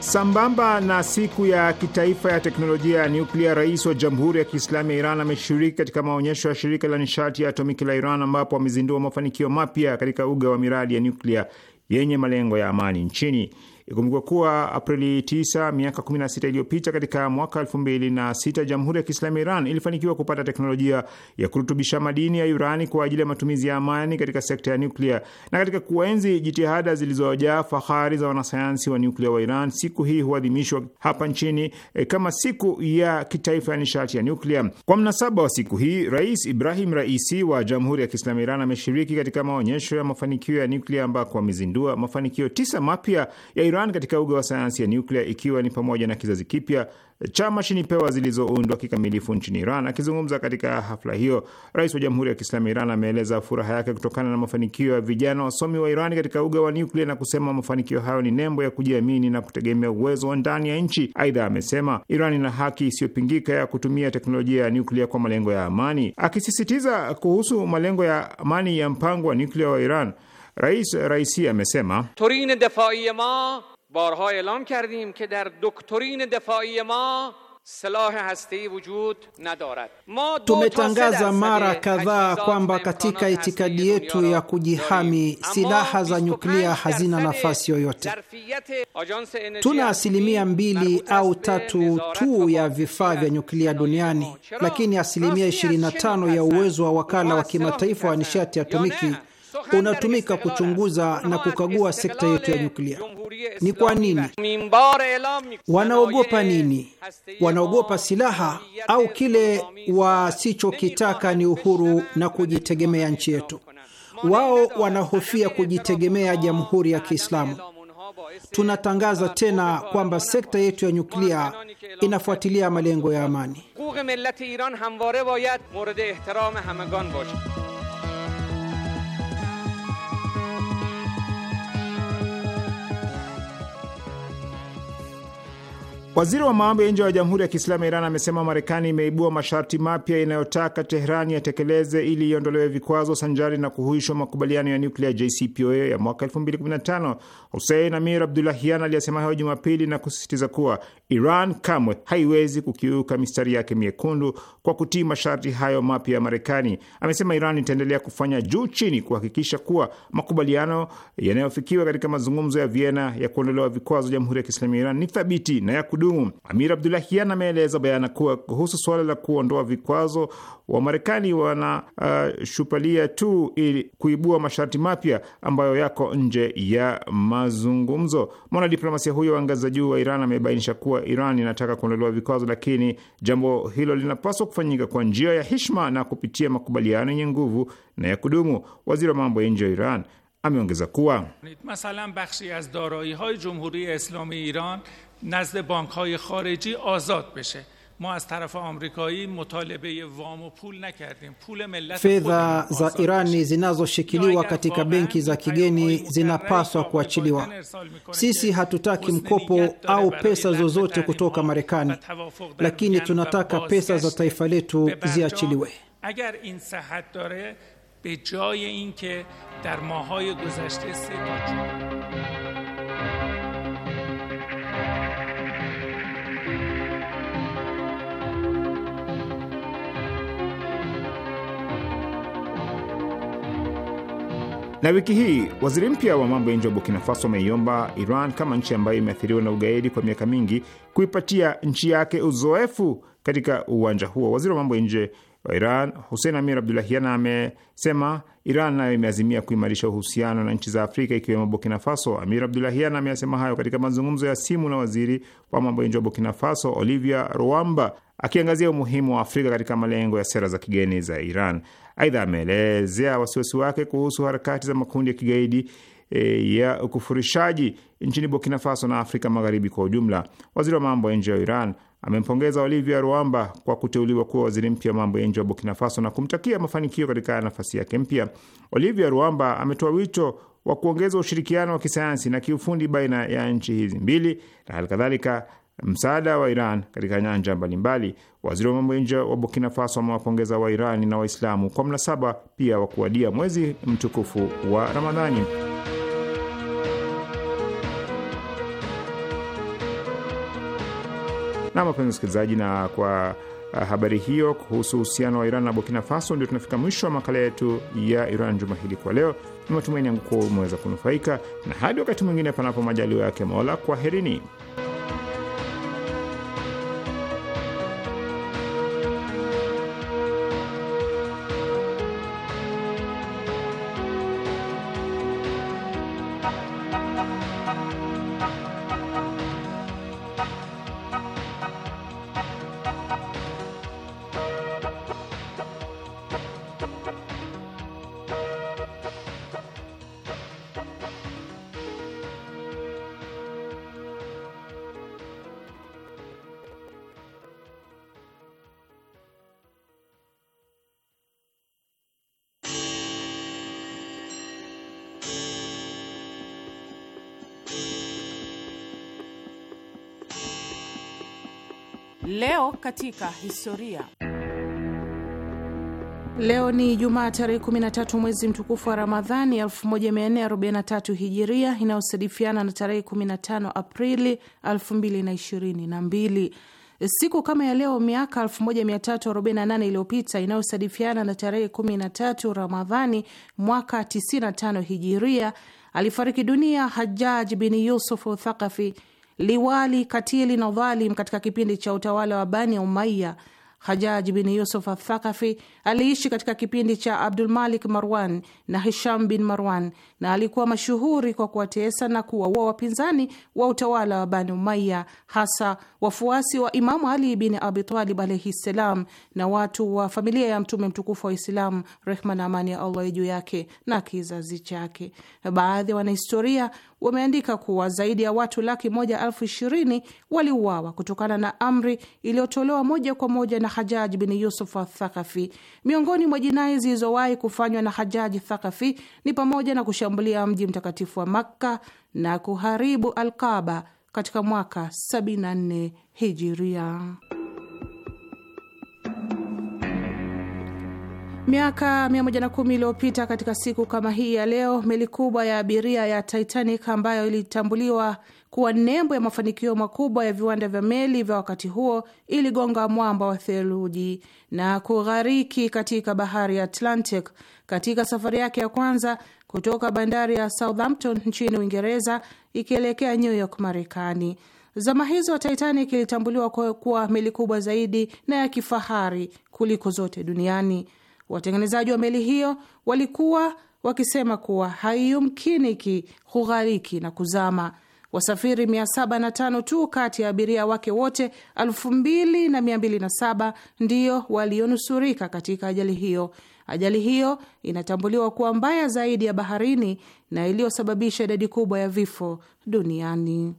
Sambamba na siku ya kitaifa ya teknolojia ya nyuklia, rais wa Jamhuri ya Kiislamu ya Iran ameshiriki katika maonyesho ya shirika la nishati ya atomiki la Iran, ambapo amezindua mafanikio mapya katika uga wa miradi ya nyuklia yenye malengo ya amani nchini. Ikumbukwa kuwa Aprili 9 miaka 16 iliyopita, katika mwaka 2006 Jamhuri ya Kiislamu ya Iran ilifanikiwa kupata teknolojia ya kurutubisha madini ya urani kwa ajili ya matumizi ya amani katika sekta ya nuklia. Na katika kuenzi jitihada zilizojaa fahari za wanasayansi wa nuklia wa Iran, siku hii huadhimishwa hapa nchini e, kama siku ya kitaifa ya nishati ya nuklia. Kwa mnasaba wa siku hii, Rais Ibrahim Raisi wa Jamhuri ya Kiislamu ya Iran ameshiriki katika maonyesho ya mafanikio ya nuklia ambako amezindua mafanikio tisa mapya ya Iran Iran katika uga wa sayansi ya nyuklia ikiwa ni pamoja na kizazi kipya cha mashini pewa zilizoundwa kikamilifu nchini Iran. Akizungumza katika hafla hiyo, rais wa Jamhuri ya Kiislamu ya Iran ameeleza furaha yake kutokana na mafanikio ya vijana wasomi wa Iran katika uga wa nyuklia na kusema mafanikio hayo ni nembo ya kujiamini na kutegemea uwezo wa ndani ya nchi. Aidha amesema Iran ina haki isiyopingika ya kutumia teknolojia ya nyuklia kwa malengo ya amani, akisisitiza kuhusu malengo ya amani ya mpango wa nyuklia wa Iran. Rais Raisi amesema torine defai ma barha elan kardim ke dar doktorin defai ma Tumetangaza mara kadhaa kwamba katika itikadi yetu ya kujihami silaha za nyuklia hazina nafasi yoyote. Tuna asilimia mbili au tatu tu ya vifaa vya nyuklia duniani, lakini asilimia 25 ya uwezo wa wakala wa kimataifa wa nishati atomiki unatumika kuchunguza na kukagua sekta yetu ya nyuklia. Ni kwa nini? Wanaogopa nini? Wanaogopa silaha au kile wasichokitaka ni uhuru na kujitegemea nchi yetu. Wao wanahofia kujitegemea Jamhuri ya Kiislamu. Tunatangaza tena kwamba sekta yetu ya nyuklia inafuatilia malengo ya amani. Waziri wa mambo ya nje wa Jamhuri ya Kiislamu ya Iran amesema Marekani imeibua masharti mapya inayotaka Teherani yatekeleze ili iondolewe vikwazo sanjari na kuhuishwa makubaliano ya nuklia JCPOA ya mwaka 2015. Husein Amir Abdulahian aliyesema hayo Jumapili na kusisitiza kuwa Iran kamwe haiwezi kukiuka mistari yake miekundu kwa kutii masharti hayo mapya ya Marekani. Amesema Iran itaendelea kufanya juu chini kuhakikisha kuwa makubaliano yanayofikiwa katika mazungumzo ya Vienna ya kuondolewa vikwazo Jamhuri ya Kiislamu ya Iran ni thabiti na ya kudumu. Amir Abdulahian ameeleza bayana kuwa kuhusu suala la kuondoa vikwazo, Wamarekani wanashupalia uh, tu ili kuibua masharti mapya ambayo yako nje ya mazungumzo. Mwanadiplomasia huyo wa ngazi za juu wa Iran amebainisha kuwa Iran inataka kuondolewa vikwazo, lakini jambo hilo linapaswa kufanyika kwa njia ya hishma na kupitia makubaliano yenye nguvu na ya kudumu. Waziri wa mambo ya nje wa Iran ameongeza kuwa نزد بانک های خارجی آزاد بشه ما از طرف آمریکایی مطالبه وام و پول نکردیم پول ملت fedha za Irani zinazoshikiliwa katika benki za kigeni zinapaswa kuachiliwa. Sisi hatutaki mkopo au pesa zozote kutoka Marekani, lakini tunataka pesa za taifa letu ziachiliwe. اگر این صحت داره به جای اینکه در ماهای گذشته سه Na wiki hii waziri mpya wa mambo ya nje wa Burkina Faso ameiomba Iran kama nchi ambayo imeathiriwa na ugaidi kwa miaka mingi kuipatia nchi yake uzoefu katika uwanja huo. Waziri wa mambo ya nje wa Iran Hussein Amir Abdulahian amesema Iran nayo imeazimia kuimarisha uhusiano na nchi za Afrika ikiwemo Burkina Faso. Amir Abdulahian ameyasema hayo katika mazungumzo ya simu na waziri wa mambo ya nje wa Burkina Faso Olivia ruamba akiangazia umuhimu wa Afrika katika malengo ya sera za kigeni za Iran. Aidha, ameelezea wasiwasi wake kuhusu harakati za makundi ya kigaidi e, ya ukufurishaji nchini Burkina Faso na Afrika Magharibi kwa ujumla. Waziri wa mambo ya nje wa Iran amempongeza Olivia Ruamba kwa kuteuliwa kuwa waziri mpya wa mambo ya nje wa Burkina Faso na kumtakia mafanikio katika nafasi yake mpya. Olivia Ruamba ametoa wito wa kuongeza ushirikiano wa kisayansi na kiufundi baina ya nchi hizi mbili na halikadhalika msaada wa Iran katika nyanja mbalimbali. Waziri wa mambo ya nje wa Burkina Faso amewapongeza irani na Waislamu kwa mnasaba pia wa kuwadia mwezi mtukufu wa Ramadhani. Na wapenzi wasikilizaji, na kwa uh, habari hiyo kuhusu uhusiano wa Iran na Burkina Faso, ndio tunafika mwisho wa makala yetu ya Iran juma hili kwa leo. Ni matumaini yangu kuwa umeweza kunufaika, na hadi wakati mwingine, panapo majaliwa yake Mola, kwaherini. katika historia. Leo ni Jumaa tarehe 13 mwezi mtukufu wa Ramadhani 1443 hijiria inayosadifiana na tarehe 15 Aprili 2022. Siku kama ya leo miaka 1348 iliyopita inayosadifiana na tarehe 13 Ramadhani mwaka 95 hijiria alifariki dunia Hajjaj bin Yusuf Uthaqafi liwali katili na dhalim katika kipindi cha utawala wa Bani Umaya. Hajaji bin Yusuf Athakafi aliishi katika kipindi cha Abdulmalik Marwan na Hisham bin Marwan, na alikuwa mashuhuri kwa kuwatesa na kuwaua wapinzani wa utawala wa Bani Umaya, hasa wafuasi wa Imamu Ali bin Abitalib alaihi ssalam na watu wa familia ya Mtume mtukufu wa Islamu, rehma na amani ya Allah juu yake na kizazi chake. Baadhi ya wanahistoria wameandika kuwa zaidi ya watu laki moja elfu ishirini waliuawa kutokana na amri iliyotolewa moja kwa moja na Hajaj bin Yusuf Athakafi. Miongoni mwa jinai zilizowahi kufanywa na Hajaji Thakafi ni pamoja na kushambulia mji mtakatifu wa Makka na kuharibu Alkaba katika mwaka 74 Hijiria. Miaka 110 iliyopita katika siku kama hii ya leo, meli kubwa ya abiria ya Titanic ambayo ilitambuliwa kuwa nembo ya mafanikio makubwa ya viwanda vya meli vya wakati huo iligonga mwamba wa theluji na kughariki katika bahari ya Atlantic katika safari yake ya kwanza kutoka bandari ya Southampton nchini Uingereza ikielekea New York, Marekani. Zama hizo Titanic ilitambuliwa kuwa meli kubwa zaidi na ya kifahari kuliko zote duniani. Watengenezaji wa meli hiyo walikuwa wakisema kuwa haiyumkiniki kughariki na kuzama. Wasafiri 705 tu kati ya abiria wake wote 2207 ndiyo walionusurika katika ajali hiyo. Ajali hiyo inatambuliwa kuwa mbaya zaidi ya baharini na iliyosababisha idadi kubwa ya vifo duniani.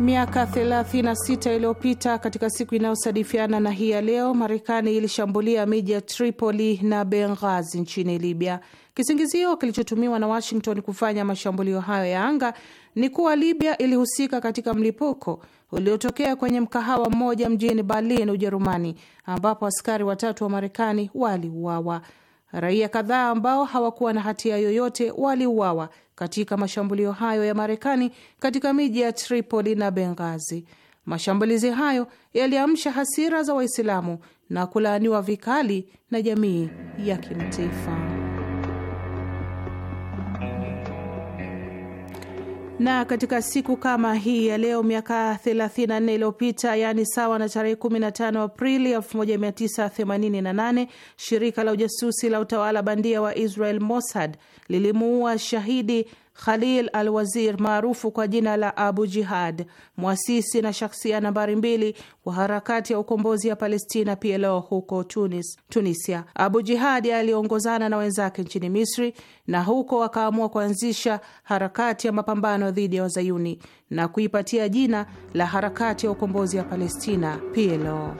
Miaka 36 iliyopita katika siku inayosadifiana na hii ya leo, Marekani ilishambulia miji ya Tripoli na Benghazi nchini Libya. Kisingizio kilichotumiwa na Washington kufanya mashambulio hayo ya anga ni kuwa Libya ilihusika katika mlipuko uliotokea kwenye mkahawa mmoja mjini Berlin, Ujerumani, ambapo askari watatu wa Marekani waliuawa. Raia kadhaa ambao hawakuwa na hatia yoyote waliuawa katika mashambulio hayo ya Marekani katika miji ya Tripoli na Benghazi. Mashambulizi hayo yaliamsha hasira za Waislamu na kulaaniwa vikali na jamii ya kimataifa. na katika siku kama hii ya leo miaka 34 iliyopita, yaani sawa na tarehe 15 Aprili 1988, shirika la ujasusi la utawala bandia wa Israel Mossad lilimuua shahidi Khalil al Wazir maarufu kwa jina la Abu Jihad, mwasisi na shakhsia nambari mbili wa harakati ya ukombozi ya Palestina PLO huko Tunis, Tunisia. Abu Jihad aliongozana na wenzake nchini Misri na huko akaamua kuanzisha harakati ya mapambano dhidi ya wazayuni na kuipatia jina la harakati ya ukombozi ya Palestina PLO.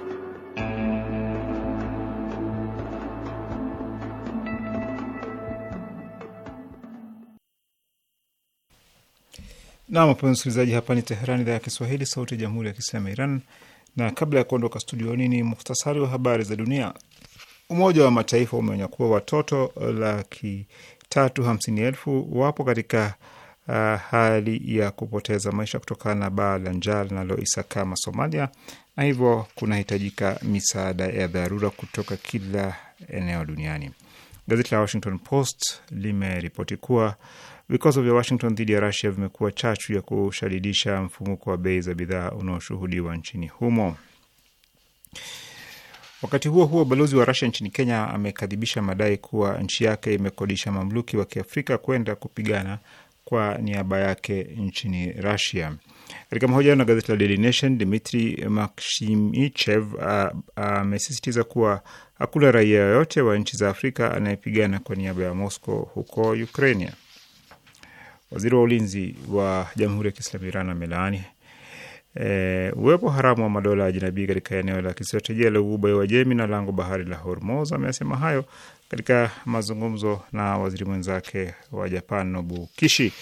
Nam wapenzi msikilizaji, hapa ni Teherani, idhaa ya Kiswahili, sauti ya jamhuri ya kiislamu ya Iran. Na kabla ya kuondoka studioni, ni muhtasari wa habari za dunia. Umoja wa Mataifa umeonya kuwa watoto laki tatu hamsini elfu wapo katika uh, hali ya kupoteza maisha kutokana na baa la njaa linaloisakama Somalia, na hivyo kunahitajika misaada ya dharura kutoka kila eneo duniani. Gazeti la Washington Post limeripoti kuwa Vikwazo vya Washington dhidi ya Rusia vimekuwa chachu ya kushadidisha mfumuko wa bei za bidhaa unaoshuhudiwa nchini humo. Wakati huo huo, balozi wa Rusia nchini Kenya amekadhibisha madai kuwa nchi yake imekodisha mamluki wa kiafrika kwenda kupigana kwa niaba yake nchini Rusia. Katika mahojiano na gazeti la Daily Nation, Dmitri Maksimichev amesisitiza kuwa hakuna raia yoyote wa nchi za Afrika anayepigana kwa niaba ya Moscow huko Ukrainia. Waziri wa ulinzi wa Jamhuri ya Kiislamu ya Iran amelaani e, uwepo haramu wa madola ya jinabii katika eneo la kistratejia la Ghuba ya Uajemi na lango bahari la Hormuz. Amesema hayo katika mazungumzo na waziri mwenzake wa Japan Nobu Kishi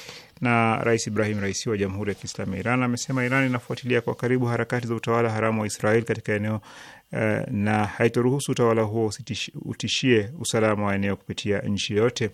na Rais Ibrahim Raisi wa Jamhuri ya Kiislamu ya Iran amesema Iran inafuatilia kwa karibu harakati za utawala haramu wa Israel katika eneo Eh, na haitoruhusu utawala huo utishie usalama wa eneo kupitia nchi yoyote.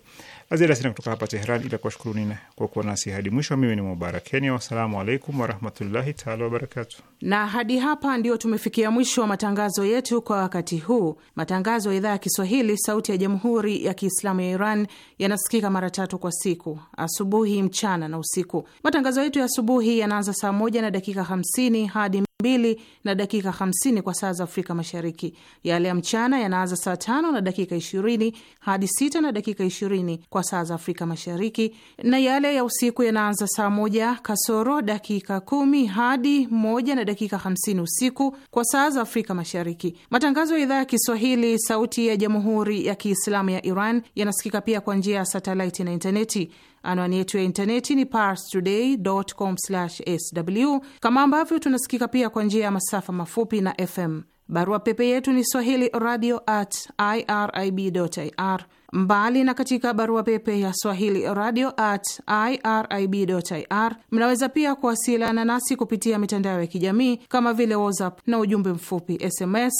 Aziada sina kutoka hapa Tehran, ila kuwashukuruni kwa kuwa nasi hadi mwisho. Mimi ni Mubarak Kenya, wassalamu alaikum warahmatullahi taala wabarakatu. Na hadi hapa ndio tumefikia mwisho wa matangazo yetu kwa wakati huu. Matangazo ya idhaa ya Kiswahili sauti ya jamhuri ya Kiislamu ya Iran yanasikika mara tatu kwa siku: asubuhi, mchana na usiku. Matangazo yetu ya asubuhi yanaanza saa moja na dakika hamsini hadi mbili na dakika hamsini kwa saa za Afrika Mashariki. Yale ya mchana yanaanza saa tano na dakika ishirini hadi sita na dakika ishirini kwa saa za Afrika Mashariki, na yale ya usiku yanaanza saa moja kasoro dakika kumi hadi moja na dakika hamsini usiku kwa saa za Afrika Mashariki. Matangazo ya idhaa ya Kiswahili sauti ya Jamhuri ya Kiislamu ya Iran yanasikika pia kwa njia ya satelaiti na intaneti. Anwani yetu ya intaneti ni parstoday.com/sw, kama ambavyo tunasikika pia kwa njia ya masafa mafupi na FM. Barua pepe yetu ni swahili radio at irib.ir. Mbali na katika barua pepe ya swahili radio at irib.ir, mnaweza pia kuwasiliana nasi kupitia mitandao ya kijamii kama vile WhatsApp na ujumbe mfupi SMS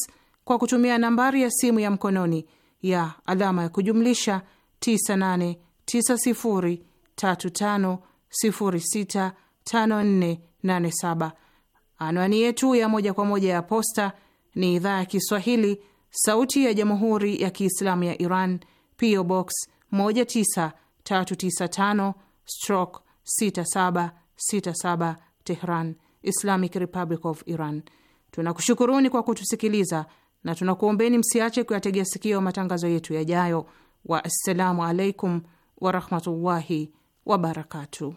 kwa kutumia nambari ya simu ya mkononi ya alama ya kujumlisha 9890 Anwani yetu ya moja kwa moja ya posta ni idhaa ya Kiswahili, sauti ya jamhuri ya kiislamu ya Iran, PO Box 19395 stroke 6767 Tehran, Islamic Republic of Iran. Tunakushukuruni kwa kutusikiliza na tunakuombeni msiache kuyategea sikio matangazo yetu yajayo. Waassalamu alaikum warahmatullahi wabarakatu.